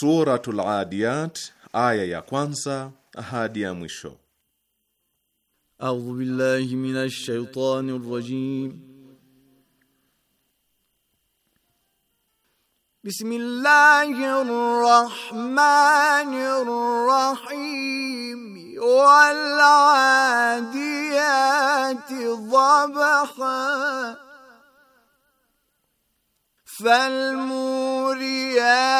Suratul Adiyat aya ya kwanza hadi ya mwisho. A'udhu billahi minash shaitani rajim. Bismillahir rahmanir rahim. Wal 'adiyati dhabha. فالموريات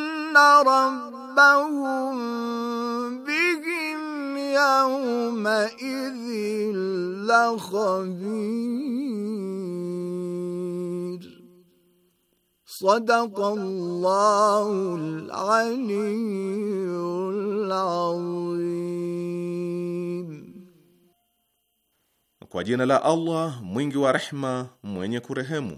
إن ربهم بهم يومئذ لخبير صدق الله العلي العظيم Kwa jina la Allah mwingi wa rehma mwenye kurehemu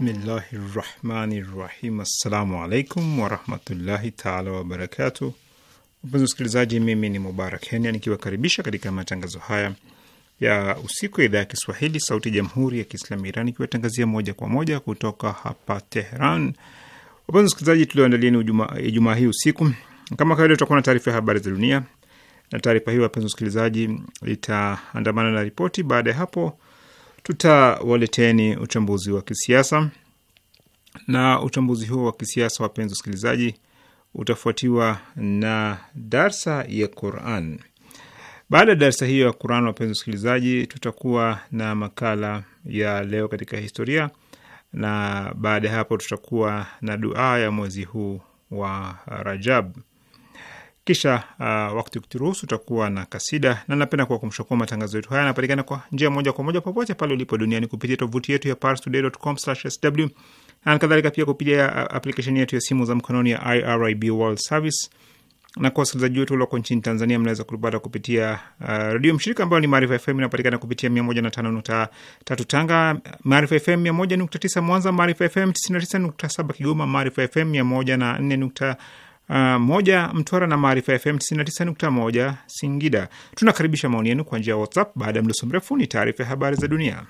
Bismillahi rahmani rahim. Assalamu alaikum warahmatullahi taala wabarakatu. Wapenzi wasikilizaji, mimi ni Mubarak Kenya nikiwakaribisha katika matangazo haya ya usiku ya idhaa ya Kiswahili sauti jamhuri ya Kiislamu Iran ikiwatangazia moja kwa moja kutoka hapa Tehran. Wapenzi wasikilizaji, tulioandalieni Ijumaa hii usiku kama kawaida, tutakuwa na taarifa ya habari za dunia, na taarifa hiyo wapenzi wasikilizaji, itaandamana na ripoti. Baada ya hapo tutawaleteni uchambuzi wa kisiasa na uchambuzi huo wa kisiasa, wapenzi wasikilizaji, utafuatiwa na darsa ya Quran. Baada ya darsa hiyo ya Quran, wapenzi wasikilizaji, tutakuwa na makala ya leo katika historia, na baada ya hapo tutakuwa na duaa ya mwezi huu wa Rajab. Kisha uh, wakati ukituruhusu utakuwa na kasida, na napenda kuwakumbusha kuwa matangazo yetu haya yanapatikana kwa njia moja kwa moja popote pale ulipo duniani kupitia tovuti yetu ya parstoday.com/sw na kadhalika, pia kupitia uh, aplikesheni yetu ya simu za mkononi ya IRIB World Service. Na kwa wasikilizaji wetu walioko nchini Tanzania, mnaweza kutupata kupitia uh, redio mshirika ambayo ni Maarifa FM, inapatikana kupitia 105.3 Tanga, Maarifa FM 101.9 Mwanza, Maarifa FM 99.7 Kigoma, Maarifa FM Uh, moja Mtwara na Maarifa FM 99.1 Singida. Tunakaribisha maoni yenu kwa njia ya WhatsApp. Baada ya mdoso mrefu, ni taarifa ya habari za dunia.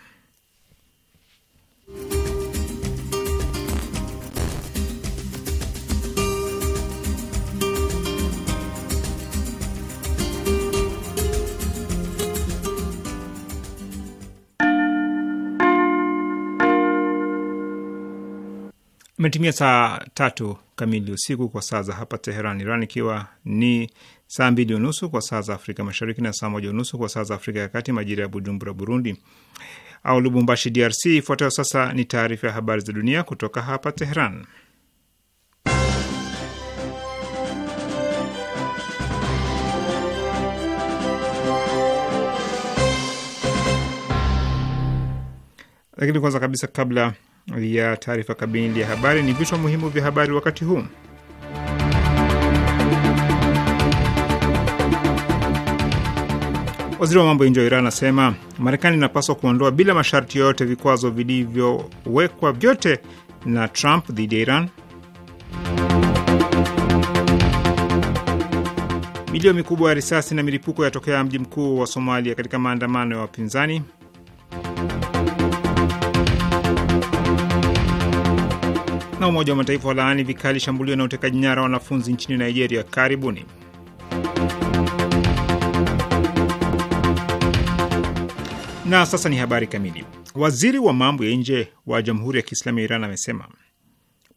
Imetimia saa tatu kamili usiku kwa saa za hapa Teheran, Iran, ikiwa ni saa mbili unusu kwa saa za Afrika Mashariki na saa moja unusu kwa saa za Afrika ya Kati, majira ya Bujumbura, Burundi au Lubumbashi, DRC. Ifuatayo sasa ni taarifa ya habari za dunia kutoka hapa Teheran. Lakini kwanza kabisa, kabla ya taarifa kamili ya habari ni vichwa muhimu vya habari wakati huu. Waziri wa mambo ya nje wa Iran anasema Marekani inapaswa kuondoa bila masharti yoyote vikwazo vilivyowekwa vyote na Trump dhidi ya Iran. Milio mikubwa ya risasi na milipuko yatokea mji mkuu wa Somalia katika maandamano ya wapinzani. na Umoja wa Mataifa walaani vikali shambulio na utekaji nyara wanafunzi nchini Nigeria. Karibuni. Na sasa ni habari kamili. Waziri wa mambo ya nje wa Jamhuri ya Kiislamu ya Iran amesema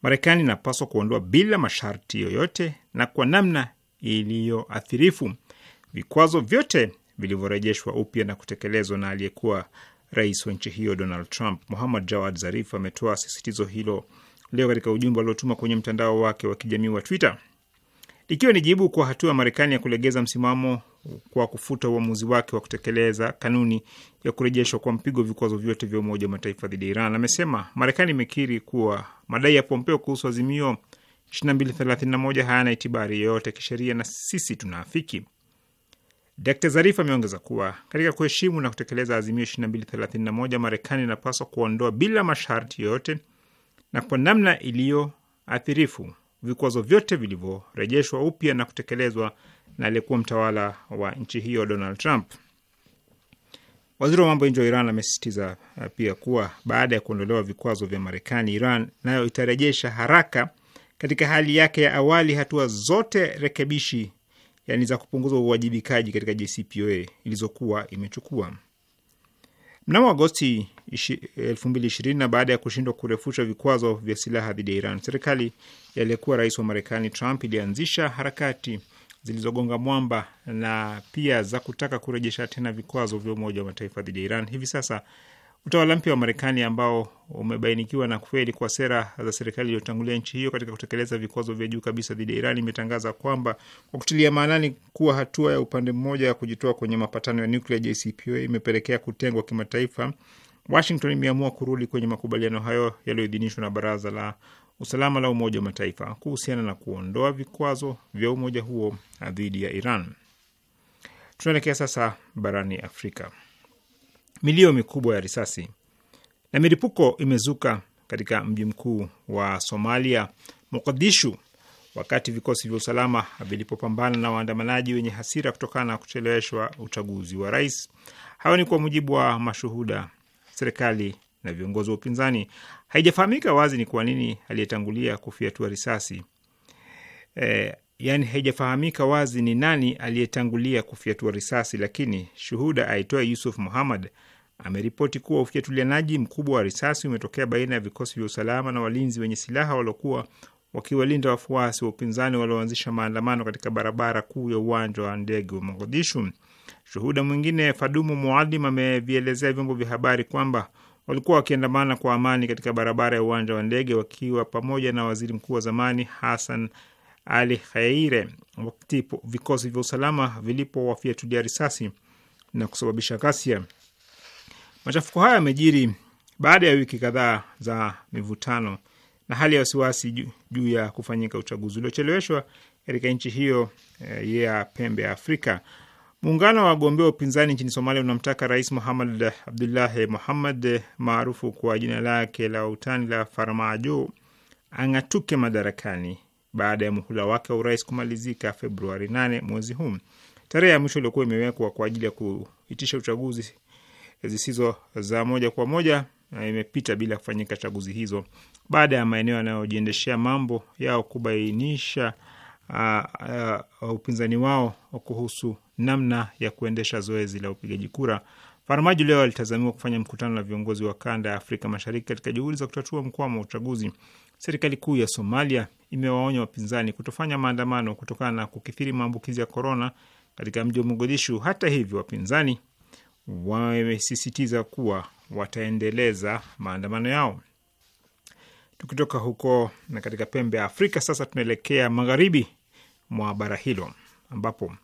Marekani inapaswa kuondoa bila masharti yoyote na kwa namna iliyoathirifu vikwazo vyote vilivyorejeshwa upya na kutekelezwa na aliyekuwa rais wa nchi hiyo Donald Trump. Muhammad Jawad Zarif ametoa sisitizo hilo leo katika ujumbe aliotuma kwenye mtandao wake wa kijamii wa Twitter, ikiwa ni jibu kwa hatua ya Marekani ya kulegeza msimamo kwa kufuta uamuzi wake wa kutekeleza kanuni ya kurejeshwa kwa mpigo vikwazo vyote vya Umoja wa Mataifa dhidi ya Iran. Amesema Marekani imekiri kuwa madai ya Pompeo kuhusu azimio 2231 hayana itibari yoyote kisheria na sisi tunaafiki. Dkt Zarif ameongeza kuwa katika kuheshimu na kutekeleza azimio 2231, Marekani inapaswa kuondoa bila masharti yoyote na kwa namna iliyoathirifu. Vikwazo vyote vilivyorejeshwa upya na kutekelezwa na aliyekuwa mtawala wa nchi hiyo Donald Trump. Waziri wa mambo ya nje wa Iran amesisitiza uh, pia kuwa baada ya kuondolewa vikwazo vya Marekani, Iran nayo itarejesha haraka katika hali yake ya awali hatua zote rekebishi, yani za kupunguza uwajibikaji katika JCPOA ilizokuwa imechukua. Mnamo Agosti 2020 na baada ya kushindwa kurefusha vikwazo vya silaha dhidi ya Iran, serikali yaliyekuwa rais wa Marekani Trump ilianzisha harakati zilizogonga mwamba na pia za kutaka kurejesha tena vikwazo vya Umoja wa Mataifa dhidi ya Iran. Hivi sasa Utawala mpya wa Marekani ambao umebainikiwa na kufeli kwa sera za serikali iliyotangulia nchi hiyo katika kutekeleza vikwazo vya juu kabisa dhidi ya Iran imetangaza kwamba kwa kutilia maanani kuwa hatua ya upande mmoja ya kujitoa kwenye mapatano ya nuklia JCPOA imepelekea kutengwa kimataifa, Washington imeamua kurudi kwenye makubaliano hayo yaliyoidhinishwa na Baraza la Usalama la Umoja wa Mataifa kuhusiana na kuondoa vikwazo vya umoja huo dhidi ya Iran. Tunaelekea sasa barani Afrika milio mikubwa ya risasi na milipuko imezuka katika mji mkuu wa Somalia, Mogadishu, wakati vikosi vya usalama vilipopambana na waandamanaji wenye hasira kutokana na kucheleweshwa uchaguzi wa rais. Hayo ni kwa mujibu wa mashuhuda. Serikali na viongozi wa upinzani, haijafahamika wazi ni kwa nini aliyetangulia kufyatua risasi e, yani haijafahamika wazi ni nani aliyetangulia kufyatua risasi, lakini shuhuda aitoe Yusuf Muhammad ameripoti kuwa ufyatulianaji mkubwa wa risasi umetokea baina ya vikosi vya usalama na walinzi wenye silaha waliokuwa wakiwalinda wafuasi wa upinzani walioanzisha maandamano katika barabara kuu ya uwanja wa ndege wa Mogadishu. Shuhuda mwingine Fadumu Mualim amevielezea vyombo vya habari kwamba walikuwa wakiandamana kwa amani katika barabara ya uwanja wa ndege wakiwa pamoja na waziri mkuu wa zamani Hassan Ali Khaire wakati vikosi vya usalama vilipowafyatulia risasi na kusababisha ghasia. Machafuko hayo yamejiri baada ya wiki kadhaa za mivutano na hali ya wasiwasi juu ya kufanyika uchaguzi uliocheleweshwa katika nchi hiyo e, ya pembe ya Afrika. Muungano wa wagombea wa upinzani nchini Somalia unamtaka Rais Muhamad Abdullahi Muhammad eh, maarufu kwa jina lake la utani la Farmajo ang'atuke madarakani baada ya muhula wake wa urais kumalizika Februari 8 mwezi huu, tarehe ya mwisho iliyokuwa imewekwa kwa ajili ya kuitisha uchaguzi zisizo za moja kwa moja imepita bila kufanyika chaguzi hizo baada ya maeneo yanayojiendeshea mambo yao kubainisha uh, uh, upinzani wao kuhusu namna ya kuendesha zoezi la upigaji kura. Farmajo leo alitazamiwa kufanya mkutano na viongozi wa kanda ya Afrika Mashariki katika juhudi za kutatua mkwamo wa uchaguzi. Serikali kuu ya Somalia imewaonya wapinzani kutofanya maandamano kutokana na kukithiri maambukizi ya korona katika mji wa Mogadishu. Hata hivyo, wapinzani wamesisitiza kuwa wataendeleza maandamano yao. Tukitoka huko na katika pembe ya Afrika, sasa tunaelekea magharibi mwa bara hilo ambapo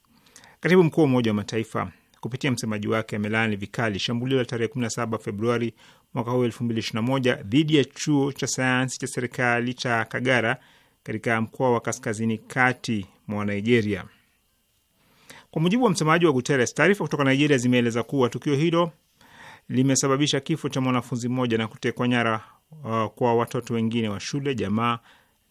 katibu mkuu wa Umoja wa Mataifa kupitia msemaji wake amelaani vikali shambulio la tarehe 17 Februari mwaka huu 2021 dhidi ya chuo cha sayansi cha serikali cha Kagara katika mkoa wa kaskazini kati mwa Nigeria. Kwa mujibu wa msemaji wa Guterres, taarifa kutoka Nigeria zimeeleza kuwa tukio hilo limesababisha kifo cha mwanafunzi mmoja na kutekwa nyara uh, kwa watoto wengine wa shule, jamaa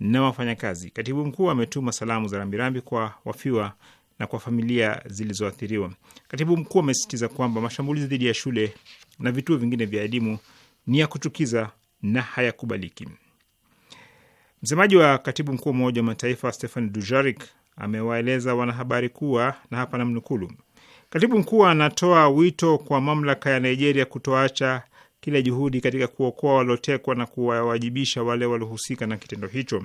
na wafanyakazi. Katibu mkuu ametuma salamu za rambirambi kwa wafiwa na kwa familia zilizoathiriwa. Katibu mkuu amesisitiza kwamba mashambulizi dhidi ya shule na vituo vingine vya elimu ni ya kuchukiza na hayakubaliki. Msemaji wa katibu mkuu wa Umoja wa Mataifa Stefan Dujarik amewaeleza wanahabari kuwa, na hapa namnukulu, katibu mkuu anatoa wito kwa mamlaka ya Nigeria kutoacha kila juhudi katika kuokoa waliotekwa na kuwawajibisha wale waliohusika na kitendo hicho.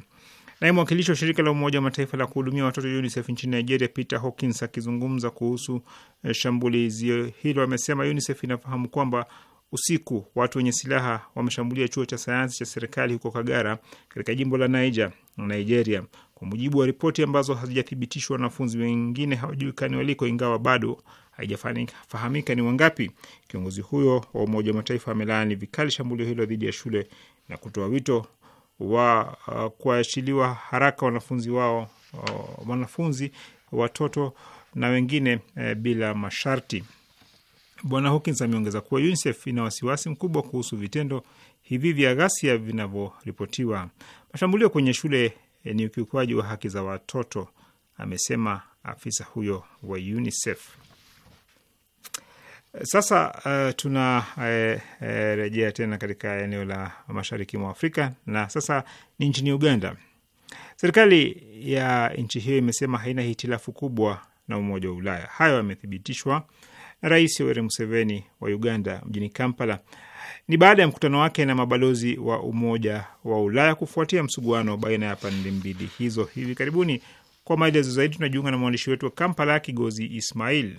Naye mwakilishi wa shirika la Umoja wa Mataifa la kuhudumia watoto UNICEF nchini Nigeria, Peter Hawkins, akizungumza kuhusu eh, shambulizio hilo, amesema UNICEF inafahamu kwamba usiku watu wenye silaha wameshambulia chuo cha sayansi cha serikali huko Kagara katika jimbo la Niger, Nigeria. Kwa mujibu wa ripoti ambazo hazijathibitishwa, wanafunzi wengine hawajulikani waliko, ingawa bado haijafahamika ni wangapi. Kiongozi huyo wa Umoja wa Mataifa amelaani vikali shambulio hilo dhidi ya shule na kutoa wito wa uh, kuachiliwa haraka wanafunzi wao uh, wanafunzi watoto na wengine uh, bila masharti. Bwana Hawkins ameongeza kuwa UNICEF ina wasiwasi mkubwa kuhusu vitendo hivi vya ghasia vinavyoripotiwa. Mashambulio kwenye shule Eh, ni ukiukwaji wa haki za watoto, amesema afisa huyo wa UNICEF. Sasa uh, eh, tunarejea eh, uh, uh, tena katika eneo la mashariki mwa Afrika na sasa ni nchini Uganda. Serikali ya nchi hiyo imesema haina hitilafu kubwa na Umoja wa Ulaya. Hayo yamethibitishwa na Rais Yoweri Museveni wa Uganda mjini Kampala ni baada ya mkutano wake na mabalozi wa Umoja wa Ulaya kufuatia msuguano baina ya pande mbili hizo hivi karibuni. Kwa maelezo zaidi tunajiunga na mwandishi wetu wa Kampala, Kigozi Ismail.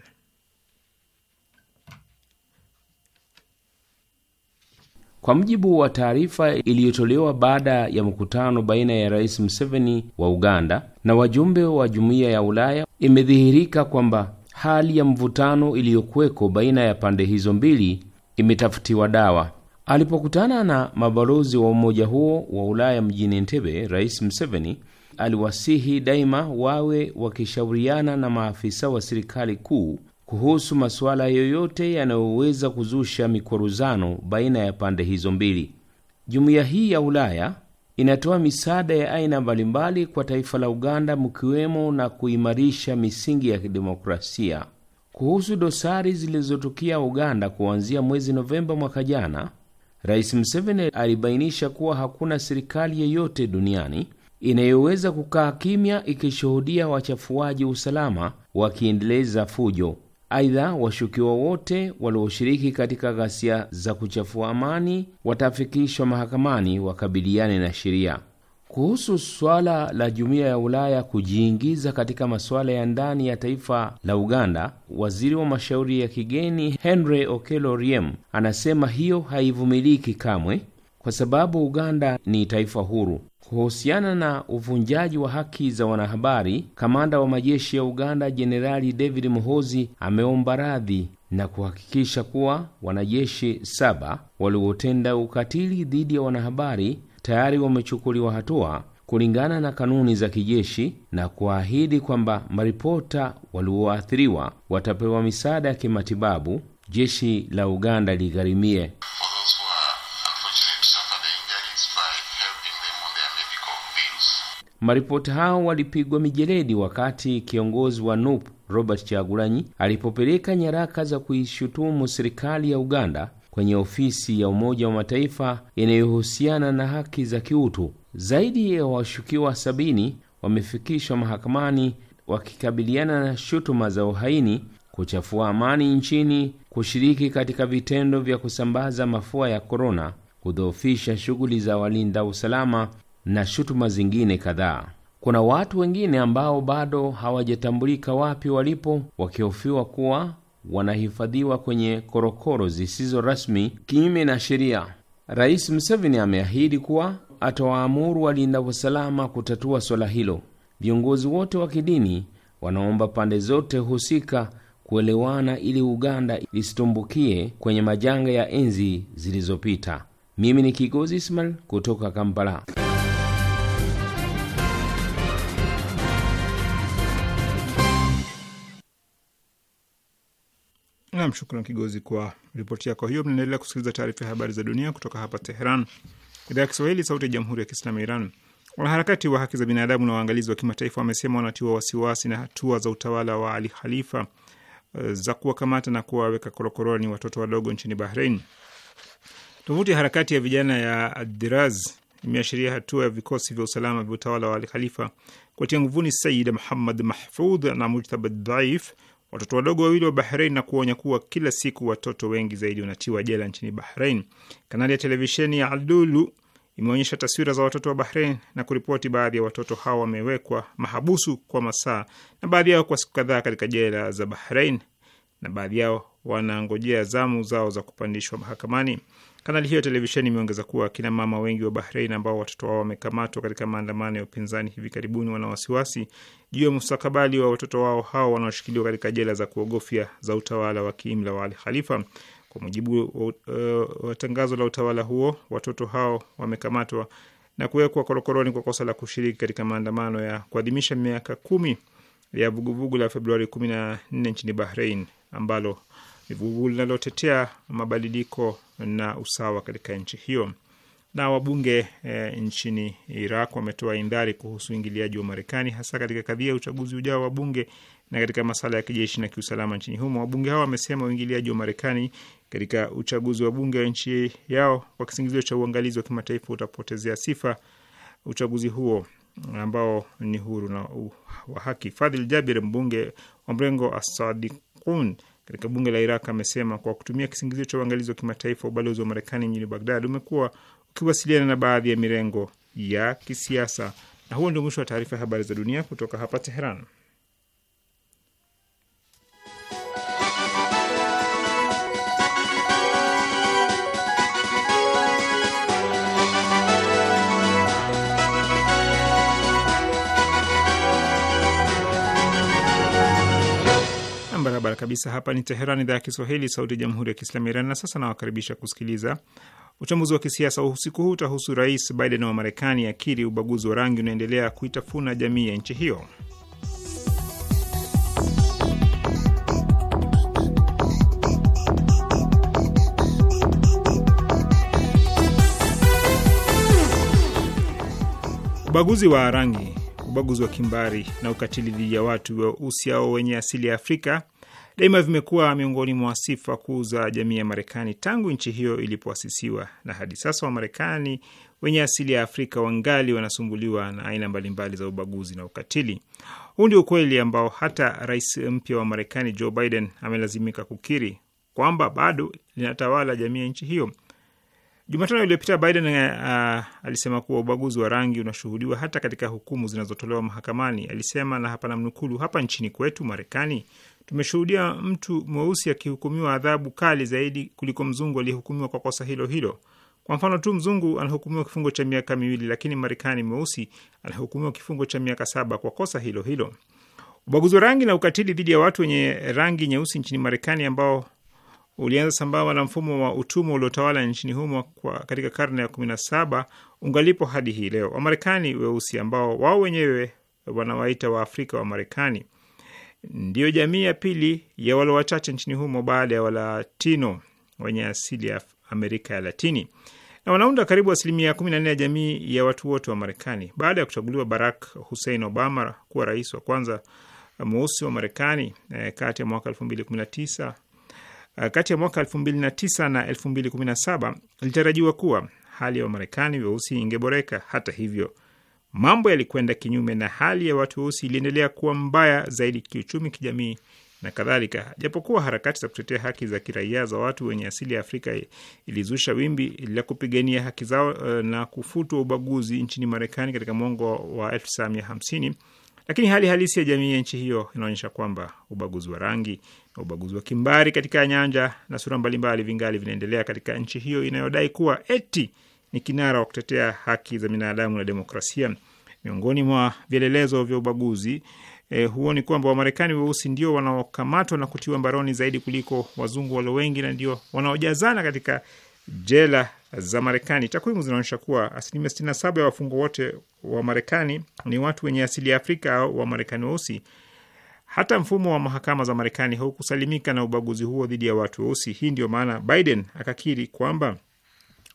Kwa mujibu wa taarifa iliyotolewa baada ya mkutano baina ya Rais Museveni wa Uganda na wajumbe wa Jumuiya ya Ulaya, imedhihirika kwamba hali ya mvutano iliyokuweko baina ya pande hizo mbili imetafutiwa dawa. Alipokutana na mabalozi wa umoja huo wa Ulaya mjini Entebbe, Rais Museveni aliwasihi daima wawe wakishauriana na maafisa wa serikali kuu kuhusu masuala yoyote yanayoweza kuzusha mikwaruzano baina ya pande hizo mbili. Jumuiya hii ya Ulaya inatoa misaada ya aina mbalimbali kwa taifa la Uganda, mkiwemo na kuimarisha misingi ya kidemokrasia. Kuhusu dosari zilizotokea Uganda kuanzia mwezi Novemba mwaka jana, Rais Museveni alibainisha kuwa hakuna serikali yeyote duniani inayoweza kukaa kimya ikishuhudia wachafuaji usalama wakiendeleza fujo. Aidha, washukiwa wote walioshiriki katika ghasia za kuchafua amani watafikishwa mahakamani wakabiliane na sheria. Kuhusu swala la jumuiya ya Ulaya kujiingiza katika masuala ya ndani ya taifa la Uganda, waziri wa mashauri ya kigeni Henry Okello Oryem anasema hiyo haivumiliki kamwe, kwa sababu Uganda ni taifa huru. Kuhusiana na uvunjaji wa haki za wanahabari, kamanda wa majeshi ya Uganda Jenerali David Muhoozi ameomba radhi na kuhakikisha kuwa wanajeshi saba waliotenda ukatili dhidi ya wanahabari tayari wamechukuliwa hatua kulingana na kanuni za kijeshi na kuahidi kwamba maripota walioathiriwa watapewa misaada ya kimatibabu jeshi la Uganda ligharimie. Maripota hao walipigwa mijeledi wakati kiongozi wa NUP Robert Chagulanyi alipopeleka nyaraka za kuishutumu serikali ya Uganda kwenye ofisi ya Umoja wa Mataifa inayohusiana na haki za kiutu. Zaidi ya washukiwa sabini wamefikishwa mahakamani wakikabiliana na shutuma za uhaini, kuchafua amani nchini, kushiriki katika vitendo vya kusambaza mafua ya korona, kudhoofisha shughuli za walinda usalama na shutuma zingine kadhaa. Kuna watu wengine ambao bado hawajatambulika wapi walipo, wakihofiwa kuwa wanahifadhiwa kwenye korokoro zisizo rasmi kinyume na sheria. Rais Museveni ameahidi kuwa atawaamuru walinda usalama kutatua swala hilo. Viongozi wote wa kidini wanaomba pande zote husika kuelewana ili Uganda isitumbukie kwenye majanga ya enzi zilizopita. Mimi ni Kigozi Ismail kutoka Kampala. Nam, shukran Kigozi kwa ripoti yako hiyo. Mnaendelea kusikiliza taarifa ya habari za dunia kutoka hapa Teheran, idhaa ya Kiswahili, sauti ya jamhuri ya kiislamu ya Iran. Wanaharakati wa haki za binadamu na waangalizi wa kimataifa wamesema wanatiwa wasiwasi na hatua za utawala wa Ali Khalifa eh, za kuwakamata na kuwaweka korokoroni watoto wadogo nchini Bahrein. Tovuti ya harakati ya vijana ya Adiraz imeashiria hatua ya vikosi vya usalama vya utawala wa Ali Khalifa kuwatia nguvuni Sayid Muhammad Mahfudh na Mujtaba Dhaif watoto wadogo wawili wa Bahrein na kuonya kuwa kila siku watoto wengi zaidi wanatiwa jela nchini Bahrein. Kanali ya televisheni ya Aldulu imeonyesha taswira za watoto wa Bahrein na kuripoti baadhi ya watoto hao wamewekwa mahabusu kwa masaa na baadhi yao kwa siku kadhaa katika jela za Bahrein na baadhi yao wanangojea zamu zao za kupandishwa mahakamani. Kanali hiyo ya televisheni imeongeza kuwa akina mama wengi wa Bahrein ambao watoto wao wamekamatwa katika maandamano ya upinzani hivi karibuni wana wasiwasi juu ya mustakabali wa watoto wao hao wanaoshikiliwa katika jela za kuogofya za utawala wa kiimla wa Al Khalifa. Kwa mujibu uh, tangazo la utawala huo, watoto hao wamekamatwa na kuwekwa korokoroni kwa kosa la kushiriki katika maandamano ya kuadhimisha miaka kumi ya vuguvugu la Februari 14 nchini Bahrein ambalo vugu linalotetea mabadiliko na usawa katika nchi hiyo. Na wabunge e, nchini Iraq wametoa indhari kuhusu uingiliaji wa Marekani hasa katika kadhia ya uchaguzi ujao wa bunge na katika masala ya kijeshi na kiusalama nchini humo. Wabunge hao wamesema uingiliaji wa Marekani katika uchaguzi wa bunge wa nchi yao kwa kisingizio cha uangalizi wa kimataifa utapotezea sifa uchaguzi huo ambao ni huru na wa haki. Fadhil Jabir, mbunge wa mrengo Asadikun katika bunge la Iraq amesema kwa kutumia kisingizio cha uangalizi wa kimataifa, ubalozi wa Marekani mjini Bagdad umekuwa ukiwasiliana na baadhi ya mirengo ya kisiasa. Na huo ndio mwisho wa taarifa ya habari za dunia kutoka hapa Teheran. barabara kabisa. Hapa ni Teheran, idhaa ya Kiswahili, sauti ya jamhuri ya kiislamu ya Iran. Na sasa nawakaribisha kusikiliza uchambuzi wa kisiasa usiku huu. Utahusu Rais Biden wa Marekani akiri ubaguzi wa rangi unaendelea kuitafuna jamii ya nchi hiyo. Ubaguzi wa rangi, ubaguzi wa kimbari na ukatili dhidi ya watu weusi au wenye asili ya Afrika daima vimekuwa miongoni mwa sifa kuu za jamii ya Marekani tangu nchi hiyo ilipoasisiwa, na hadi sasa Wamarekani wenye asili ya Afrika wangali wanasumbuliwa na aina mbalimbali za ubaguzi na ukatili. Huu ndio ukweli ambao hata rais mpya wa Marekani Joe Biden amelazimika kukiri kwamba bado linatawala jamii ya nchi hiyo. Jumatano iliyopita Biden uh, alisema kuwa ubaguzi wa rangi unashuhudiwa hata katika hukumu zinazotolewa mahakamani. Alisema na hapa namnukulu, hapa nchini kwetu Marekani tumeshuhudia mtu mweusi akihukumiwa adhabu kali zaidi kuliko mzungu aliyehukumiwa kwa kosa hilo hilo. Kwa mfano tu, mzungu anahukumiwa kifungo cha miaka miwili, lakini Marekani mweusi anahukumiwa kifungo cha miaka saba kwa kosa hilo hilo. Ubaguzi wa rangi na ukatili dhidi ya watu wenye rangi nyeusi nchini Marekani, ambao ulianza sambamba na mfumo wa utumwa uliotawala nchini humo kwa katika karne ya kumi na saba ungalipo hadi hii leo. Wamarekani weusi ambao wao wenyewe wanawaita Waafrika wa Marekani ndiyo jamii ya pili ya walo wachache nchini humo baada ya Walatino wenye asili ya Amerika ya Latini na wanaunda karibu asilimia 14 ya jamii ya watu wote wa Marekani. Baada ya kuchaguliwa Barack Hussein Obama kuwa rais wa kwanza mweusi wa Marekani eh, kati ya mwaka 2019 eh, kati ya mwaka 2009 na 2017, ilitarajiwa kuwa hali ya Wamarekani weusi ingeboreka. Hata hivyo mambo yalikwenda kinyume na hali ya watu weusi iliendelea kuwa mbaya zaidi kiuchumi, kijamii na kadhalika. Japokuwa harakati za kutetea haki za kiraia za watu wenye asili ya Afrika ilizusha wimbi la kupigania haki zao eh, na kufutwa ubaguzi nchini Marekani katika mwongo wa 1950 lakini hali halisi ya jamii ya nchi hiyo inaonyesha kwamba ubaguzi wa rangi na ubaguzi wa kimbari katika nyanja na sura mbalimbali vingali vinaendelea katika nchi hiyo inayodai kuwa eti ni kinara wa kutetea haki za binadamu na demokrasia. Miongoni mwa vielelezo vya ubaguzi e, huo ni kwamba Wamarekani weusi ndio wanaokamatwa na kutiwa mbaroni zaidi kuliko wazungu walio wengi na ndio wanaojazana katika jela za Marekani. Takwimu zinaonyesha kuwa asilimia 67 ya wafungwa wote wa Marekani ni watu wenye asili ya Afrika au Wamarekani weusi. Hata mfumo wa mahakama za Marekani haukusalimika na ubaguzi huo dhidi ya watu weusi. Hii ndio maana Biden akakiri kwamba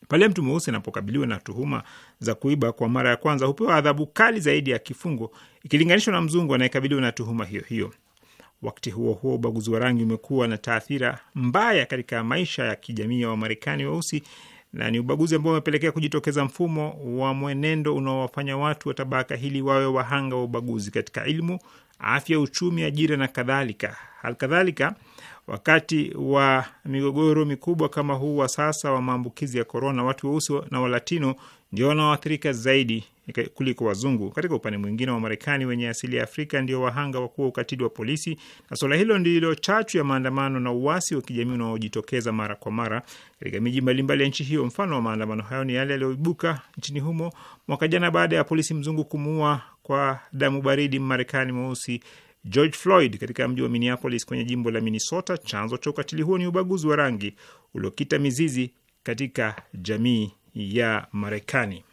pale mtu mweusi anapokabiliwa na tuhuma za kuiba kwa mara ya kwanza, hupewa adhabu kali zaidi ya kifungo ikilinganishwa na mzungu anayekabiliwa na tuhuma hiyo hiyo. Wakati huo huo, ubaguzi wa rangi umekuwa na taathira mbaya katika maisha ya kijamii ya Wamarekani weusi na ni ubaguzi ambao umepelekea kujitokeza mfumo wa mwenendo unaowafanya watu wa tabaka hili wawe wahanga wa ubaguzi katika elimu, afya, uchumi, ajira na kadhalika. Halikadhalika, Wakati wa migogoro mikubwa kama huu wa sasa wa maambukizi ya korona, watu weusi na Walatino ndio wanaoathirika zaidi kuliko wazungu. Katika upande mwingine, wa marekani wenye asili ya Afrika ndio wahanga wakuwa ukatili wa polisi, na suala hilo ndilo chachu ya maandamano na uasi wa kijamii unaojitokeza mara kwa mara katika miji mbalimbali ya nchi hiyo. Mfano wa maandamano hayo ni yale yaliyoibuka nchini humo mwaka jana baada ya polisi mzungu kumuua kwa damu baridi marekani mweusi George Floyd katika mji wa Minneapolis kwenye jimbo la Minnesota. Chanzo cha ukatili huo ni ubaguzi wa rangi uliokita mizizi katika jamii ya Marekani.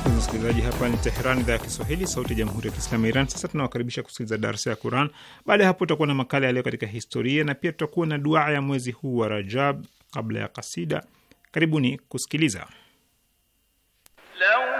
Wapenzi msikilizaji, hapa ni Teheran, idhaa ya Kiswahili, sauti ya jamhuri ya kiislamu ya Iran. Sasa tunawakaribisha kusikiliza darsa ya Quran. Baada ya hapo, tutakuwa na makala ya leo katika historia, na pia tutakuwa na duaa ya mwezi huu wa Rajab kabla ya kasida. Karibuni kusikiliza Law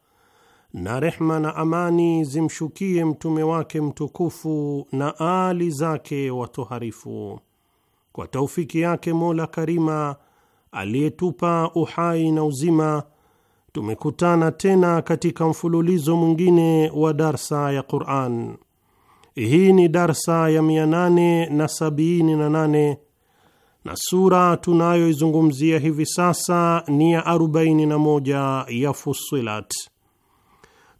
na rehma na amani zimshukie mtume wake mtukufu na aali zake watoharifu. Kwa taufiki yake Mola Karima aliyetupa uhai na uzima, tumekutana tena katika mfululizo mwingine wa darsa ya Quran. Hii ni darsa ya 878 na sura tunayoizungumzia hivi sasa ni ya 41 ya Fusilat.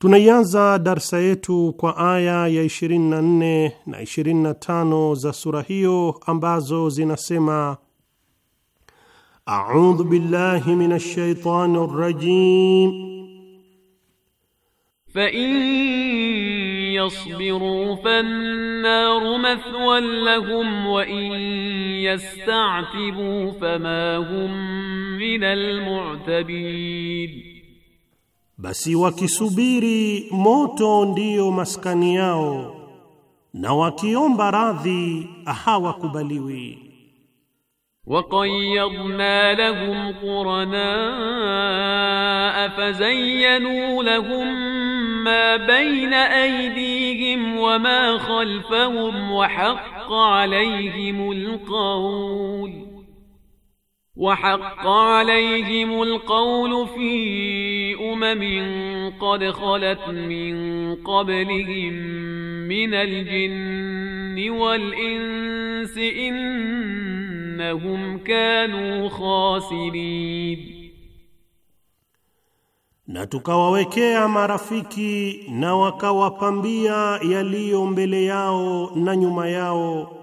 Tunaianza darsa yetu kwa aya ya 24 na 25 za sura hiyo ambazo zinasema: audhu billahi minash shaitani rajim yasbiru يصبروا فالنار lahum wa in يستعتبوا fama hum من المعتبين Basi wakisubiri moto ndiyo maskani yao, na wakiomba radhi hawakubaliwi. وقيضنا لهم قرناء فزينوا لهم ما بين أيديهم وما خلفهم وحق عليهم القول وحق عليهم القول في أمم قد خلت من قبلهم من الجن والإنس إنهم كانوا khasirin na tukawawekea marafiki na wakawapambia yaliyo mbele yao na nyuma yao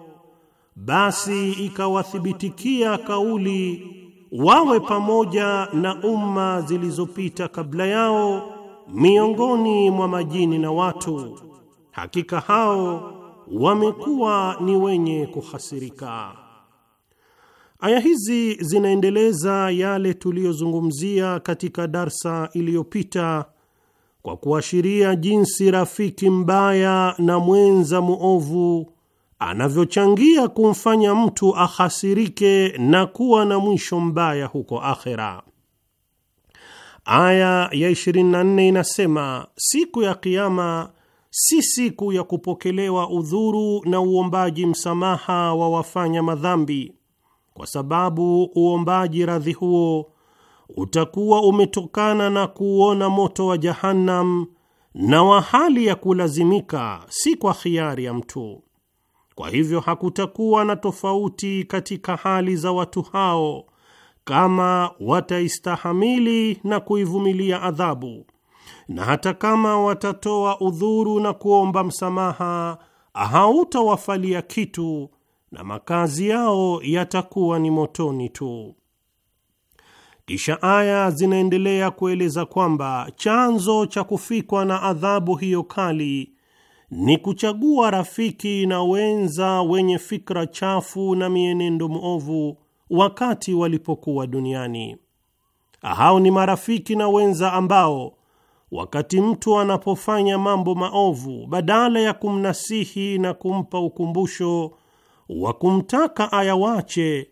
basi ikawathibitikia kauli wawe pamoja na umma zilizopita kabla yao miongoni mwa majini na watu, hakika hao wamekuwa ni wenye kuhasirika. Aya hizi zinaendeleza yale tuliyozungumzia katika darsa iliyopita kwa kuashiria jinsi rafiki mbaya na mwenza muovu anavyochangia kumfanya mtu ahasirike na kuwa na mwisho mbaya huko akhera. Aya ya 24 inasema, siku ya Kiama si siku ya kupokelewa udhuru na uombaji msamaha wa wafanya madhambi, kwa sababu uombaji radhi huo utakuwa umetokana na kuuona moto wa Jahannam na wa hali ya kulazimika, si kwa khiari ya mtu. Kwa hivyo hakutakuwa na tofauti katika hali za watu hao kama wataistahamili na kuivumilia adhabu, na hata kama watatoa udhuru na kuomba msamaha, hautawafalia kitu na makazi yao yatakuwa ni motoni tu. Kisha aya zinaendelea kueleza kwamba chanzo cha kufikwa na adhabu hiyo kali ni kuchagua rafiki na wenza wenye fikra chafu na mienendo miovu wakati walipokuwa duniani. Hao ni marafiki na wenza ambao wakati mtu anapofanya mambo maovu, badala ya kumnasihi na kumpa ukumbusho wa kumtaka ayawache,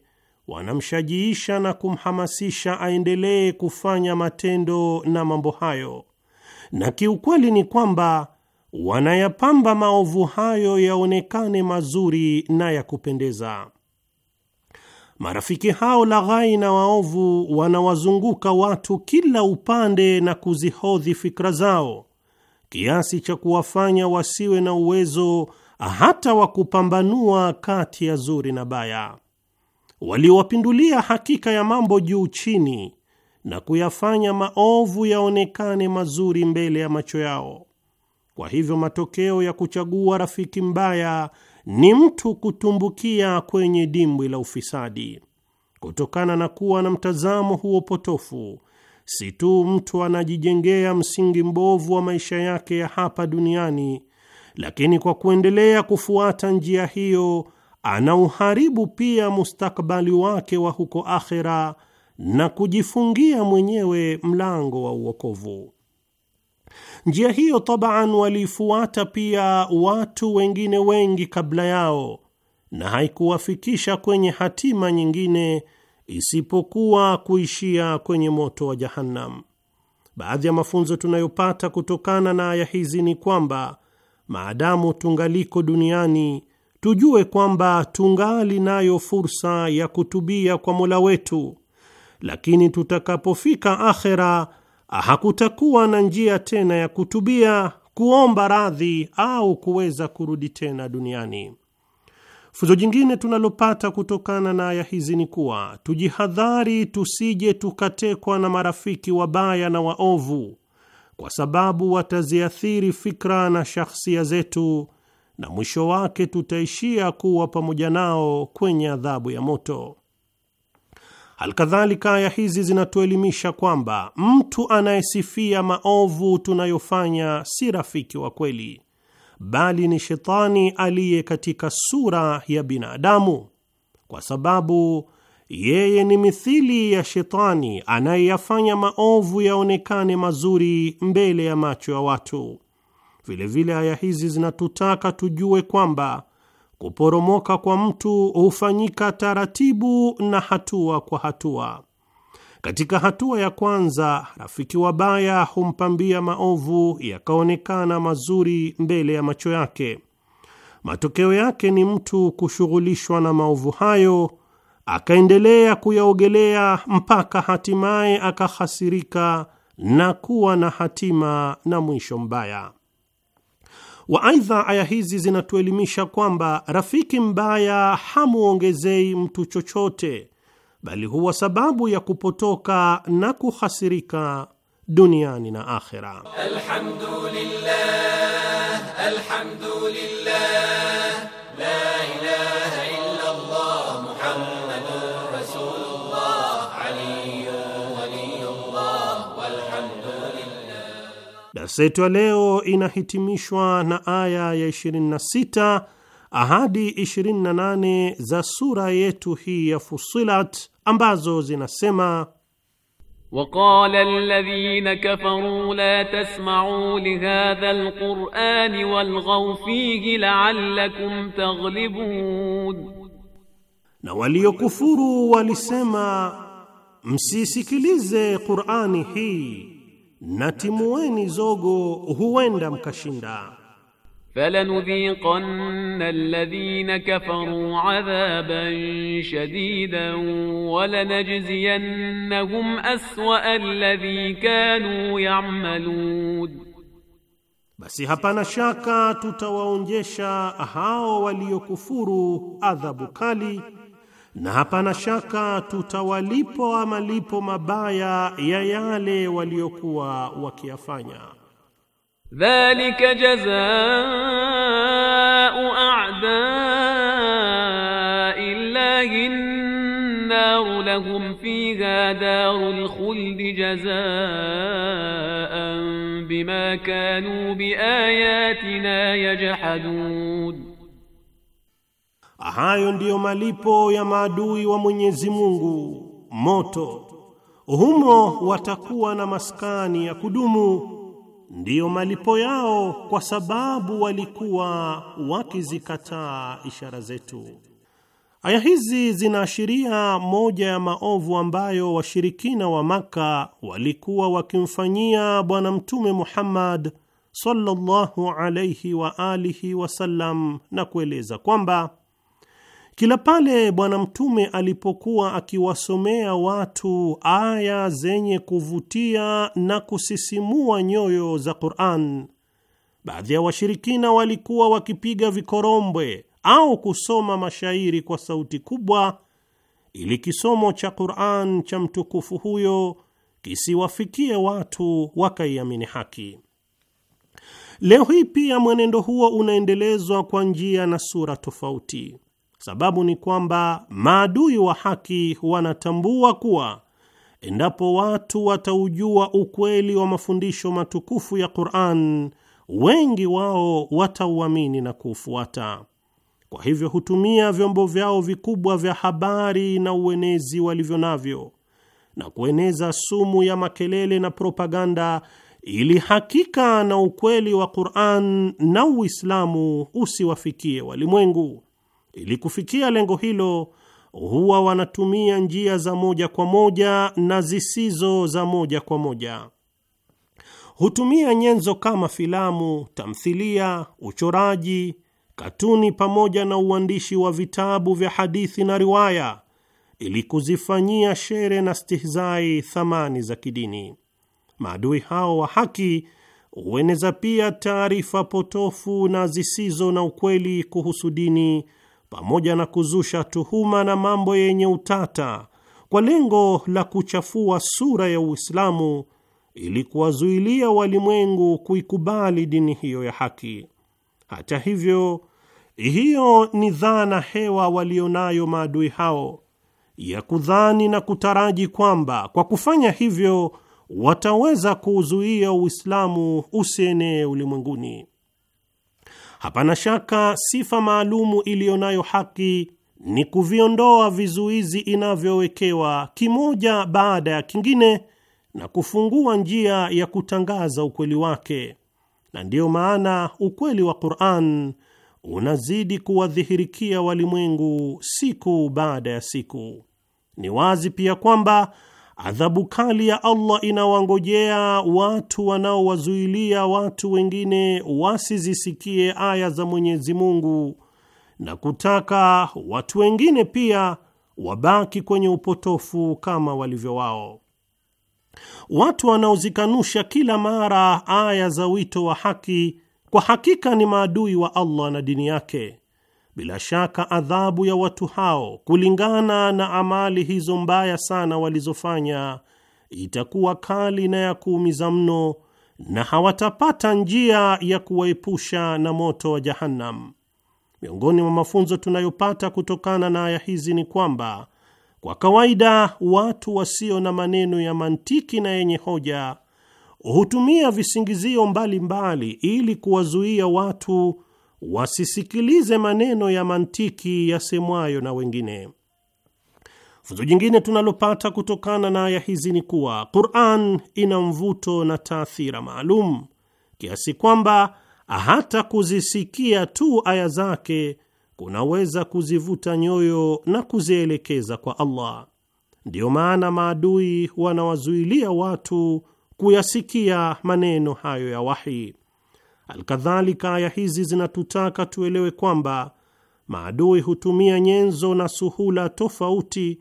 wanamshajiisha na kumhamasisha aendelee kufanya matendo na mambo hayo, na kiukweli ni kwamba wanayapamba maovu hayo yaonekane mazuri na ya kupendeza. Marafiki hao laghai na waovu wanawazunguka watu kila upande na kuzihodhi fikra zao kiasi cha kuwafanya wasiwe na uwezo hata wa kupambanua kati ya zuri na baya. Waliwapindulia hakika ya mambo juu chini na kuyafanya maovu yaonekane mazuri mbele ya macho yao. Kwa hivyo matokeo ya kuchagua rafiki mbaya ni mtu kutumbukia kwenye dimbwi la ufisadi. Kutokana na kuwa na mtazamo huo potofu, si tu mtu anajijengea msingi mbovu wa maisha yake ya hapa duniani, lakini kwa kuendelea kufuata njia hiyo anauharibu pia mustakabali wake wa huko akhera na kujifungia mwenyewe mlango wa uokovu. Njia hiyo tabaan waliifuata pia watu wengine wengi kabla yao, na haikuwafikisha kwenye hatima nyingine isipokuwa kuishia kwenye moto wa Jahannam. Baadhi ya mafunzo tunayopata kutokana na aya hizi ni kwamba maadamu tungaliko duniani tujue kwamba tungali nayo fursa ya kutubia kwa Mola wetu, lakini tutakapofika akhera hakutakuwa na njia tena ya kutubia, kuomba radhi au kuweza kurudi tena duniani. Funzo jingine tunalopata kutokana na aya hizi ni kuwa tujihadhari, tusije tukatekwa na marafiki wabaya na waovu, kwa sababu wataziathiri fikra na shahsia zetu, na mwisho wake tutaishia kuwa pamoja nao kwenye adhabu ya moto. Alkadhalika, aya hizi zinatuelimisha kwamba mtu anayesifia maovu tunayofanya si rafiki wa kweli, bali ni shetani aliye katika sura ya binadamu, kwa sababu yeye ni mithili ya shetani anayeyafanya maovu yaonekane mazuri mbele ya macho ya watu. Vilevile aya hizi zinatutaka tujue kwamba kuporomoka kwa mtu hufanyika taratibu na hatua kwa hatua. Katika hatua ya kwanza, rafiki wabaya humpambia maovu yakaonekana mazuri mbele ya macho yake. Matokeo yake ni mtu kushughulishwa na maovu hayo, akaendelea kuyaogelea mpaka hatimaye akahasirika na kuwa na hatima na mwisho mbaya wa aidha, aya hizi zinatuelimisha kwamba rafiki mbaya hamuongezei mtu chochote, bali huwa sababu ya kupotoka na kuhasirika duniani na akhera. Alhamdulillah, alhamdulillah. Darsa yetu ya leo inahitimishwa na aya ya 26 ahadi 28 za sura yetu hii ya Fusilat ambazo zinasema وقال الذين كفروا لا تسمعوا لهذا القرآن والغوا فيه لعلكم تغلبون, na waliokufuru walisema msisikilize Qur'ani hii na timueni zogo, huenda mkashinda. falanudhiqanna alladhina kafaru adhaban shadidan walanajziyannahum aswa alladhi kanu ya'malun, basi hapana shaka tutawaonjesha hao waliokufuru adhabu kali na hapana shaka tutawalipa malipo mabaya ya yale waliokuwa wakiyafanya. Dhalika jazaa'u a'da'i llahi an-nar lahum fiha darul khuldi jazaa'an bima kanu biayatina yajhadun hayo ndiyo malipo ya maadui wa Mwenyezi Mungu, moto. Humo watakuwa na maskani ya kudumu, ndiyo malipo yao, kwa sababu walikuwa wakizikataa ishara zetu. Aya hizi zinaashiria moja ya maovu ambayo washirikina wa Maka walikuwa wakimfanyia Bwana Mtume Muhammad sallallahu alayhi wa alihi wasallam, na kueleza kwamba kila pale Bwana Mtume alipokuwa akiwasomea watu aya zenye kuvutia na kusisimua nyoyo za Qur'an, baadhi ya washirikina walikuwa wakipiga vikorombwe au kusoma mashairi kwa sauti kubwa ili kisomo cha Qur'an cha mtukufu huyo kisiwafikie watu wakaiamini haki. Leo hii pia mwenendo huo unaendelezwa kwa njia na sura tofauti. Sababu ni kwamba maadui wa haki wanatambua kuwa endapo watu wataujua ukweli wa mafundisho matukufu ya Qur'an, wengi wao watauamini na kuufuata. Kwa hivyo hutumia vyombo vyao vikubwa vya habari na uenezi walivyo navyo na kueneza sumu ya makelele na propaganda ili hakika na ukweli wa Qur'an na Uislamu usiwafikie walimwengu. Ili kufikia lengo hilo, huwa wanatumia njia za moja kwa moja na zisizo za moja kwa moja. Hutumia nyenzo kama filamu, tamthilia, uchoraji, katuni pamoja na uandishi wa vitabu vya hadithi na riwaya ili kuzifanyia shere na stihzai thamani za kidini. Maadui hao wa haki hueneza pia taarifa potofu na zisizo na ukweli kuhusu dini pamoja na kuzusha tuhuma na mambo yenye utata kwa lengo la kuchafua sura ya Uislamu ili kuwazuilia walimwengu kuikubali dini hiyo ya haki. Hata hivyo, hiyo ni dhana hewa walionayo maadui hao ya kudhani na kutaraji kwamba kwa kufanya hivyo wataweza kuuzuia Uislamu usienee ulimwenguni. Hapana shaka sifa maalumu iliyo nayo haki ni kuviondoa vizuizi inavyowekewa kimoja baada ya kingine na kufungua njia ya kutangaza ukweli wake, na ndiyo maana ukweli wa Qur'an unazidi kuwadhihirikia walimwengu siku baada ya siku. Ni wazi pia kwamba Adhabu kali ya Allah inawangojea watu wanaowazuilia watu wengine wasizisikie aya za Mwenyezi Mungu na kutaka watu wengine pia wabaki kwenye upotofu kama walivyo wao. Watu wanaozikanusha kila mara aya za wito wa haki, kwa hakika ni maadui wa Allah na dini yake. Bila shaka adhabu ya watu hao kulingana na amali hizo mbaya sana walizofanya itakuwa kali na ya kuumiza mno, na hawatapata njia ya kuwaepusha na moto wa Jahannam. Miongoni mwa mafunzo tunayopata kutokana na aya hizi ni kwamba kwa kawaida watu wasio na maneno ya mantiki na yenye hoja hutumia visingizio mbalimbali mbali ili kuwazuia watu wasisikilize maneno ya mantiki yasemwayo na wengine. Funzo jingine tunalopata kutokana na aya hizi ni kuwa Quran ina mvuto na taathira maalum kiasi kwamba hata kuzisikia tu aya zake kunaweza kuzivuta nyoyo na kuzielekeza kwa Allah. Ndiyo maana maadui wanawazuilia watu kuyasikia maneno hayo ya wahi. Alkadhalika, aya hizi zinatutaka tuelewe kwamba maadui hutumia nyenzo na suhula tofauti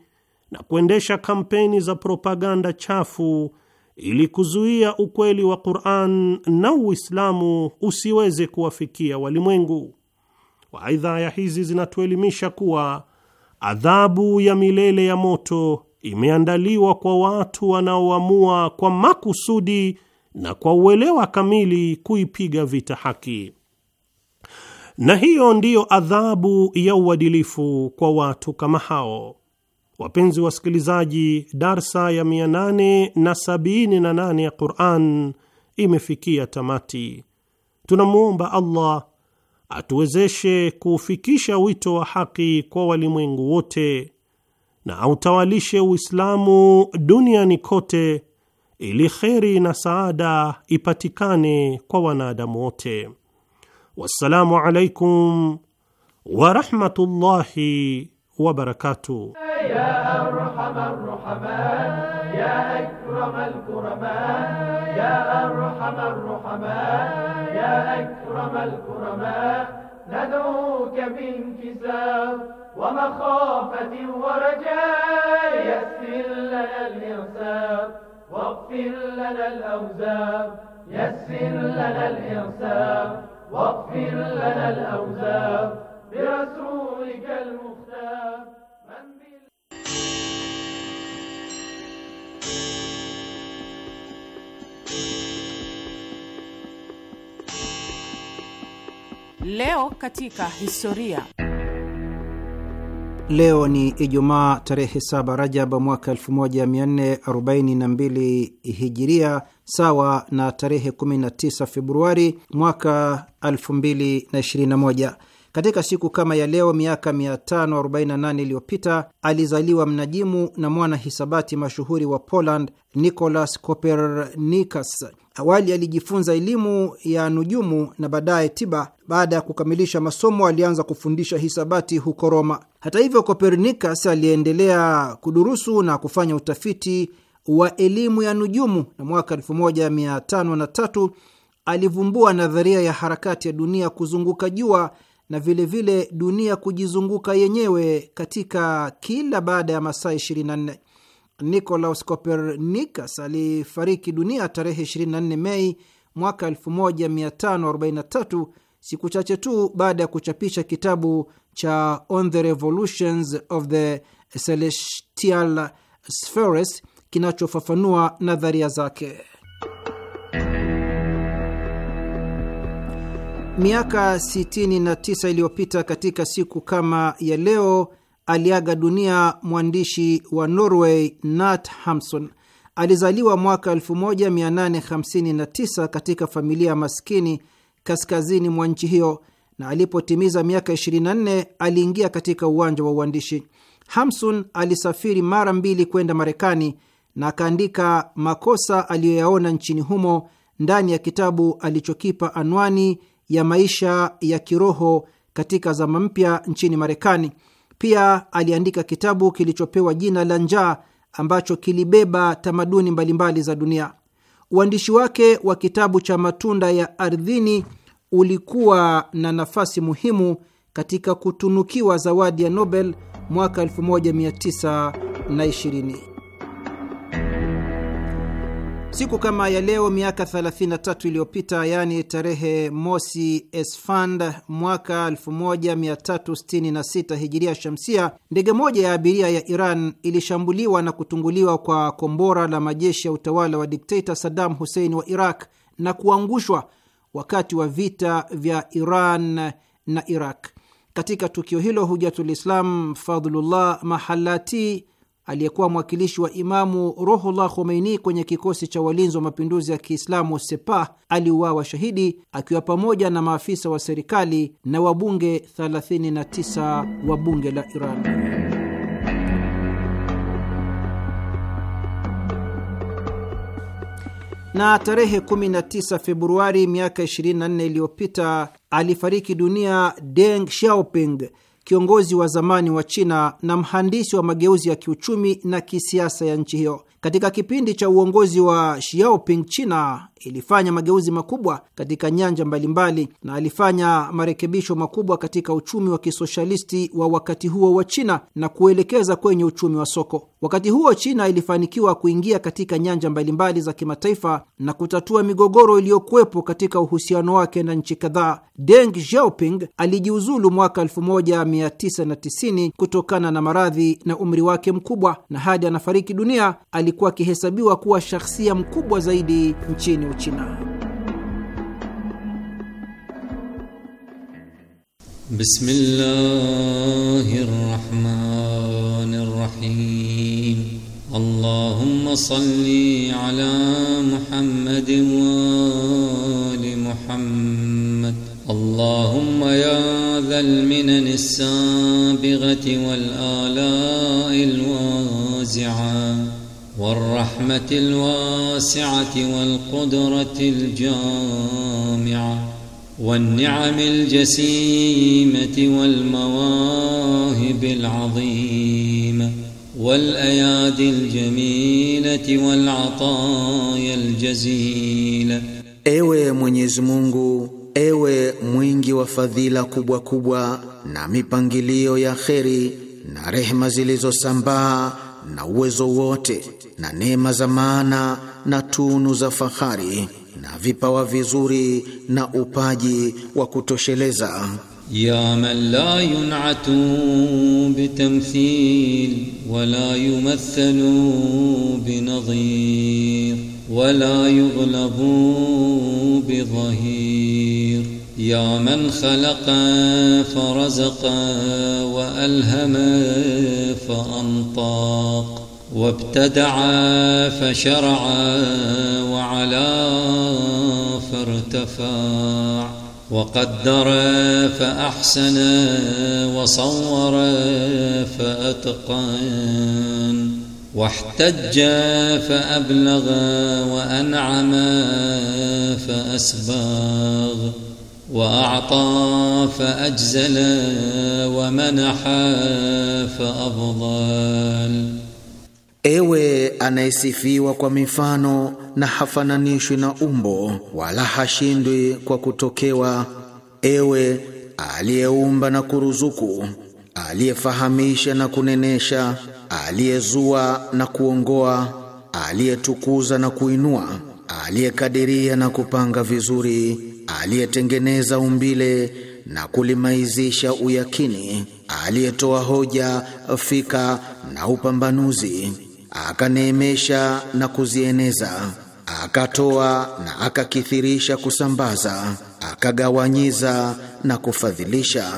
na kuendesha kampeni za propaganda chafu ili kuzuia ukweli wa Qur'an na Uislamu usiweze kuwafikia walimwengu. Waidha, aya hizi zinatuelimisha kuwa adhabu ya milele ya moto imeandaliwa kwa watu wanaoamua kwa makusudi na kwa uelewa kamili kuipiga vita haki, na hiyo ndiyo adhabu ya uadilifu kwa watu kama hao. Wapenzi wasikilizaji, darsa ya 878 ya Quran imefikia tamati. Tunamwomba Allah atuwezeshe kuufikisha wito wa haki kwa walimwengu wote na autawalishe Uislamu duniani kote ili kheri na saada ipatikane kwa wanadamu wote. Wassalamu alaikum warahmatullahi wabarakatuh. ندعوك بانكسار ومخافة ورجاء يسر لنا الإنسان واغفر لنا الأوزار يسر لنا الإرسال واغفر لنا الأوزار برسولك المختار من بال... Leo katika historia. Leo ni Ijumaa tarehe 7 Rajab mwaka 1442 Hijiria, sawa na tarehe 19 Februari mwaka 2021. Katika siku kama ya leo miaka 548 iliyopita alizaliwa mnajimu na mwana hisabati mashuhuri wa Poland Nicolas Copernicus. Awali alijifunza elimu ya nujumu na baadaye tiba. Baada ya kukamilisha masomo, alianza kufundisha hisabati huko Roma. Hata hivyo, copernicus aliendelea kudurusu na kufanya utafiti wa elimu ya nujumu, na mwaka 1503 alivumbua nadharia ya harakati ya dunia kuzunguka jua na vilevile vile dunia kujizunguka yenyewe katika kila baada ya masaa 24. Nicolaus Copernicus alifariki dunia tarehe 24 Mei mwaka 1543, siku chache tu baada ya kuchapisha kitabu cha On the Revolutions of the Celestial Spheres kinachofafanua nadharia zake. Miaka 69 iliyopita katika siku kama ya leo aliaga dunia mwandishi wa Norway Nat hamson Alizaliwa mwaka 1859 katika familia maskini kaskazini mwa nchi hiyo, na alipotimiza miaka 24 aliingia katika uwanja wa uandishi. hamson alisafiri mara mbili kwenda Marekani na akaandika makosa aliyoyaona nchini humo ndani ya kitabu alichokipa anwani ya maisha ya kiroho katika zama mpya nchini Marekani pia aliandika kitabu kilichopewa jina la Njaa ambacho kilibeba tamaduni mbalimbali za dunia. Uandishi wake wa kitabu cha Matunda ya Ardhini ulikuwa na nafasi muhimu katika kutunukiwa zawadi ya Nobel mwaka 1920. Siku kama ya leo miaka 33 iliyopita, yaani tarehe mosi Esfand mwaka 1366 hijiria shamsia, ndege moja ya abiria ya Iran ilishambuliwa na kutunguliwa kwa kombora la majeshi ya utawala wa dikteta Saddam Hussein wa Iraq na kuangushwa wakati wa vita vya Iran na Iraq. Katika tukio hilo, hujatulislam Islam Fadhlullah Mahalati aliyekuwa mwakilishi wa Imamu Ruhullah Khomeini kwenye kikosi cha walinzi wa mapinduzi ya Kiislamu Sepah, aliuawa shahidi akiwa pamoja na maafisa wa serikali na wabunge 39 wa bunge la Iran. na tarehe 19 Februari miaka 24 iliyopita alifariki dunia Deng Xiaoping, kiongozi wa zamani wa China na mhandisi wa mageuzi ya kiuchumi na kisiasa ya nchi hiyo. Katika kipindi cha uongozi wa Xiaoping, China ilifanya mageuzi makubwa katika nyanja mbalimbali na alifanya marekebisho makubwa katika uchumi wa kisoshalisti wa wakati huo wa China na kuelekeza kwenye uchumi wa soko. Wakati huo China ilifanikiwa kuingia katika nyanja mbalimbali za kimataifa na kutatua migogoro iliyokuwepo katika uhusiano wake na nchi kadhaa. Deng Xiaoping alijiuzulu mwaka 1990 kutokana na maradhi na umri wake mkubwa, na hadi anafariki dunia alikuwa akihesabiwa kuwa shahsia mkubwa zaidi nchini očima. بسم الله الرحمن الرحيم اللهم صل على محمد وآل محمد اللهم يا ذا المنن السابغة والآلاء الوازعة والرحمة الواسعة والقدرة الجامعة والنعم الجسيمة والمواهب العظيمة والأياد الجميلة والعطايا الجزيلة Ewe Mwenyezi Mungu, ewe mwingi wa fadhila kubwa kubwa na mipangilio ya kheri na rehema zilizosambaa na uwezo wote na neema za maana na tunu za fahari na vipawa vizuri na upaji wa kutosheleza. ya man la yun'atu bitamthil wala yumathalu binadhir wala yughlabu bidhahir يا من خلق فرزق وألهم فأنطاق وابتدعا فشرعا وعلا فارتفع وقدر فأحسن وصور فأتقن واحتج فأبلغ وأنعم فأسباغ وأعطى فأجزل ومنح فأفضل Ewe anayesifiwa kwa mifano na hafananishwi na umbo wala hashindwi kwa kutokewa, ewe aliyeumba na kuruzuku, aliyefahamisha na kunenesha, aliyezua na kuongoa, aliyetukuza na kuinua, aliyekadiria na kupanga vizuri, aliyetengeneza umbile na kulimaizisha uyakini, aliyetoa hoja, fika na upambanuzi akaneemesha na kuzieneza, akatoa na akakithirisha kusambaza, akagawanyiza na kufadhilisha.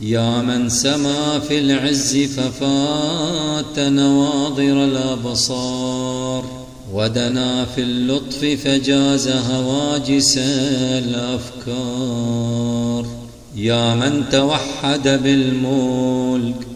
ya man sama fil izzi fafata nawadhir al absar ودنا في اللطف فجاز هواجس الافكار يا من توحد بالملك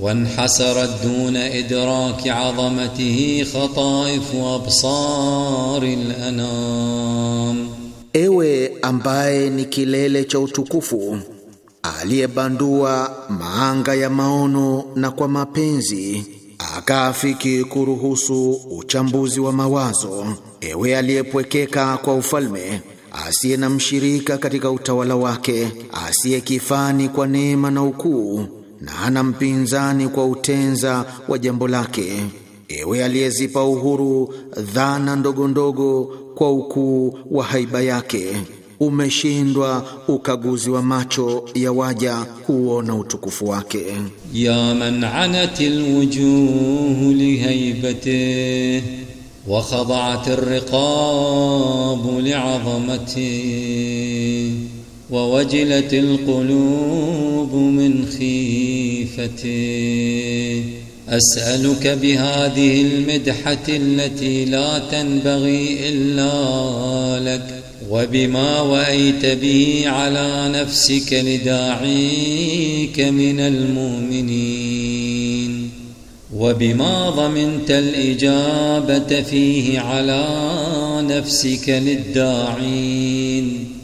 وانحسرت دون إدراك عظمته خطائف أبصار الأنام Ewe ambaye ni kilele cha utukufu aliyebandua maanga ya maono na kwa mapenzi akaafiki kuruhusu uchambuzi wa mawazo. Ewe aliyepwekeka kwa ufalme, asiye na mshirika katika utawala wake, asiye kifani kwa neema na ukuu na ana mpinzani kwa utenza wa jambo lake. Ewe aliyezipa uhuru dhana ndogo ndogo kwa ukuu wa haiba yake, umeshindwa ukaguzi wa macho ya waja kuona utukufu wake. ya man anat alwujuh lihaibatihi wa khada'at alriqab li'azamatihi ووجلت القلوب من خيفته أسألك بهذه المدحة التي لا تنبغي إلا لك وبما وأيت به على نفسك لداعيك من المؤمنين وبما ضمنت الإجابة فيه على نفسك للداعين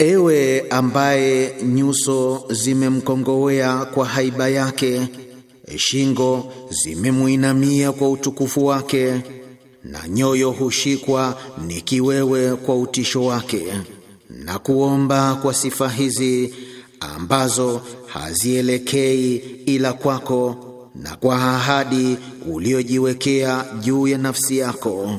Ewe ambaye nyuso zimemkongowea kwa haiba yake, shingo zimemuinamia kwa utukufu wake, na nyoyo hushikwa ni kiwewe kwa utisho wake, na kuomba kwa sifa hizi ambazo hazielekei ila kwako na kwa ahadi uliojiwekea juu ya nafsi yako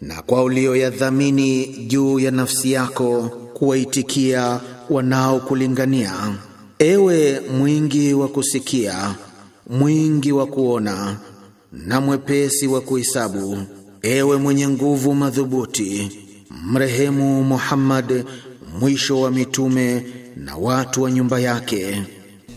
na kwa ulioyadhamini juu ya nafsi yako kuwaitikia wanaokulingania. Ewe mwingi wa kusikia, mwingi wa kuona na mwepesi wa kuhesabu, ewe mwenye nguvu madhubuti, mrehemu Muhammad, mwisho wa mitume na watu wa nyumba yake.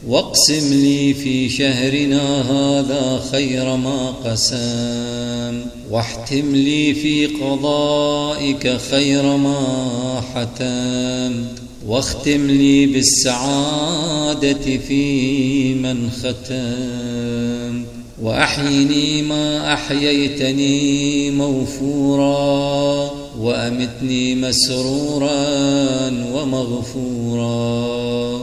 واقسم لي في شهرنا هذا خير ما قسام واحتم لي في قضائك خير ما حتام واختم لي بالسعادة في من ختم وأحيني ما أحييتني موفورا وأمتني مسرورا ومغفورا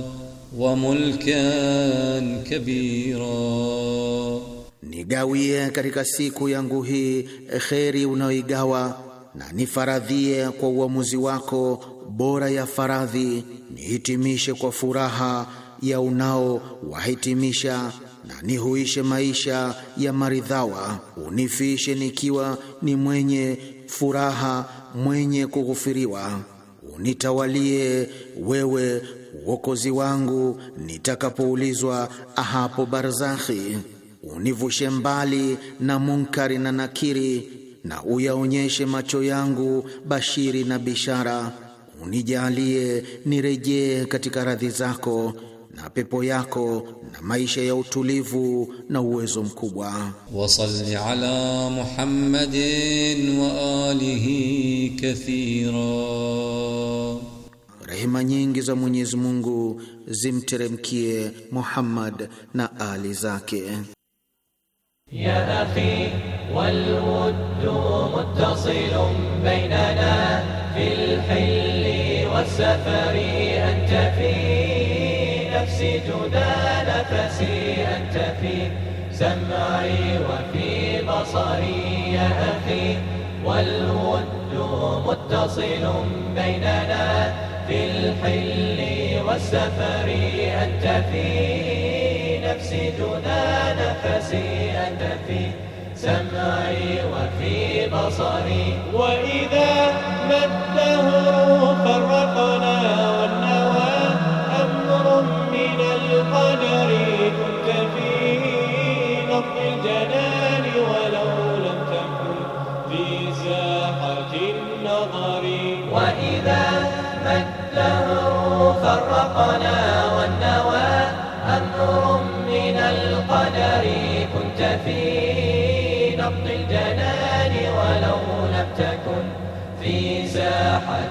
mulkan kabira, nigawie katika siku yangu hii e kheri unayoigawa, na nifaradhie kwa uamuzi wako bora ya faradhi, nihitimishe kwa furaha ya unaowahitimisha na nihuishe maisha ya maridhawa, unifishe nikiwa ni mwenye furaha, mwenye kughufiriwa, unitawalie wewe uokozi wangu nitakapoulizwa hapo barzakhi, univushe mbali na munkari na nakiri, na uyaonyeshe macho yangu bashiri na bishara, unijalie nirejee katika radhi zako na pepo yako na maisha ya utulivu na uwezo mkubwa. Wasalli ala Muhammadin wa alihi kathira Rehema nyingi za Mwenyezi Mungu zimteremkie Muhammad na ali zake. Ya akhi wal wudd muttasil bainana fil hilli was safari anta fi nafsi judana fasi anta fi sam'i wa fi basari ya akhi wal wudd muttasil bainana في الحل والسفر أنت في نفسي دون نفسي أنت في سمعي وفي بصري وإذا ما الدهر فرقنا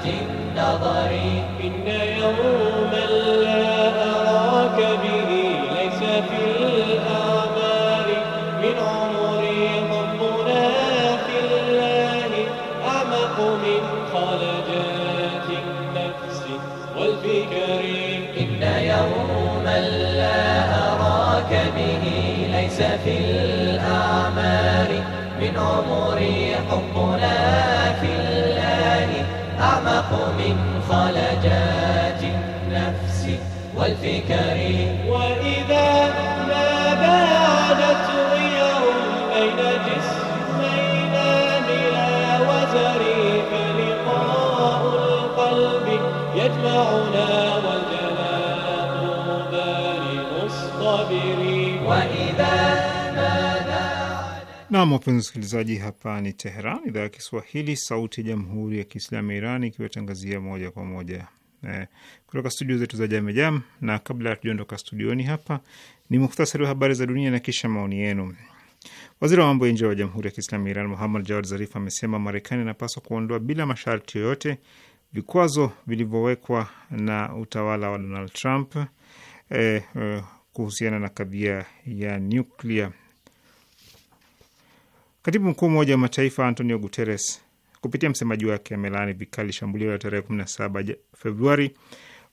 وجهة إن يوما لا أراك به ليس في الأعمال من عمري ضمنا في الله أعمق من خلجات النفس والفكر إن يوما لا أراك به ليس في الأعمال من عمري حبنا خلجات النفس والفكر Nam, wapenzi wasikilizaji, hapa ni Teheran, idhaa ya Kiswahili, sauti ya jamhuri ya kiislamu ya Iran ikiwatangazia moja kwa moja eh, kutoka studio zetu za Jamejam. Na kabla hatujaondoka studioni hapa, ni muhtasari wa habari za dunia na kisha maoni yenu. Waziri wa mambo ya nje wa Jamhuri ya Kiislamu ya Iran Muhammad Jawad Zarif amesema Marekani inapaswa kuondoa bila masharti yoyote vikwazo vilivyowekwa na utawala wa Donald Trump eh, eh, kuhusiana na kadhia ya nuklia Katibu mkuu Umoja wa Mataifa Antonio Guterres kupitia msemaji wake amelaani vikali shambulio la tarehe 17 Februari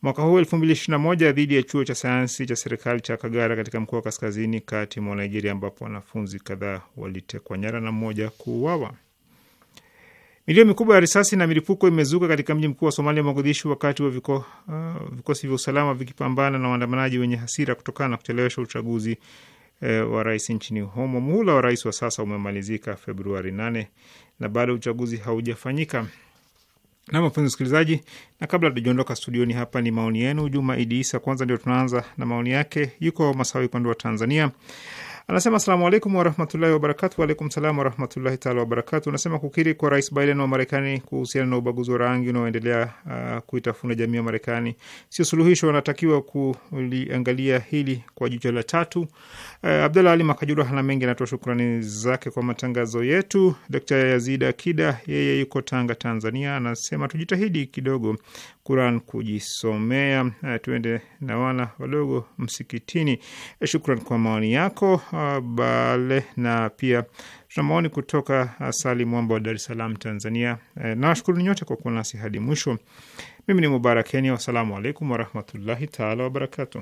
mwaka huu 2021 dhidi ya chuo cha sayansi cha serikali cha Kagara katika mkoa wa kaskazini kati mwa Nigeria, ambapo wanafunzi kadhaa walitekwa nyara na mmoja kuuawa. Milio mikubwa ya risasi na milipuko imezuka katika mji mkuu wa Somalia, Mogadishu, wakati wa viko, uh, vikosi vya usalama vikipambana na waandamanaji wenye hasira kutokana na kuchelewesha uchaguzi e, wa rais nchini humo. Muhula wa rais wa sasa umemalizika Februari 8 na bado uchaguzi haujafanyika. Na mapenzi msikilizaji, na kabla tujaondoka studioni hapa, ni maoni yenu. Juma Idi Isa, kwanza ndio tunaanza na maoni yake, yuko Masawi upande wa Tanzania. Anasema asalamu alaikum warahmatullahi wabarakatu. Waalaikum salam warahmatullahi taala wabarakatu. Anasema kukiri kwa rais Biden wa Marekani kuhusiana na ubaguzi wa rangi unaoendelea uh, kuitafuna jamii ya Marekani sio suluhisho. Wanatakiwa kuliangalia hili kwa jicho la tatu. Uh, eh, Abdalla Ali Makajuru hana mengi, anatoa shukrani zake kwa matangazo yetu. Dkt Yazid Akida, yeye yuko Tanga, Tanzania, anasema tujitahidi kidogo Quran kujisomea, uh, tuende na wana wadogo msikitini. Uh, shukran kwa maoni yako uh, Bale, na pia tuna maoni kutoka Asali ah, Mwamba wa Dar es Salaam, Tanzania. Uh, nawashukuru nyote kwa kuwa nasi hadi mwisho. Mimi ni Mubarakeni, wassalamu alaikum warahmatullahi taala wabarakatuh.